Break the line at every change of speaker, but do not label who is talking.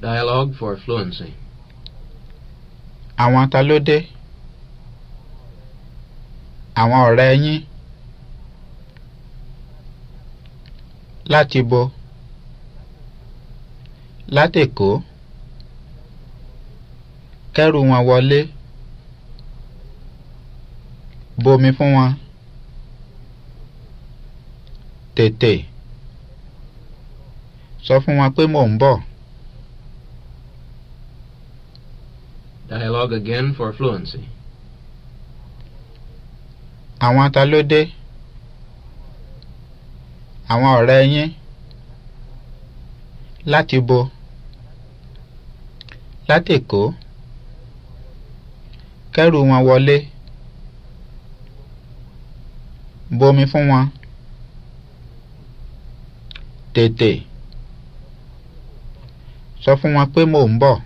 Dialogue for fluency. Àwọn ta ló dé? Àwọn ọ̀rẹ́ yín. Láti bo. Látèkó. Kẹ́rù wọn wọlé. Bomi fún wọn. Tètè. Sọ fún wọn pé mò ń bọ̀. Dialogue again for fluency. Àwọn ta ló dé? Àwọn ọ̀rẹ́ yín? Láti bo? Láti Èkó? Kẹ́rù wọn wọlé? Bomi fún wọn? Tètè? Sọ fún wọn pé mò ń bọ̀.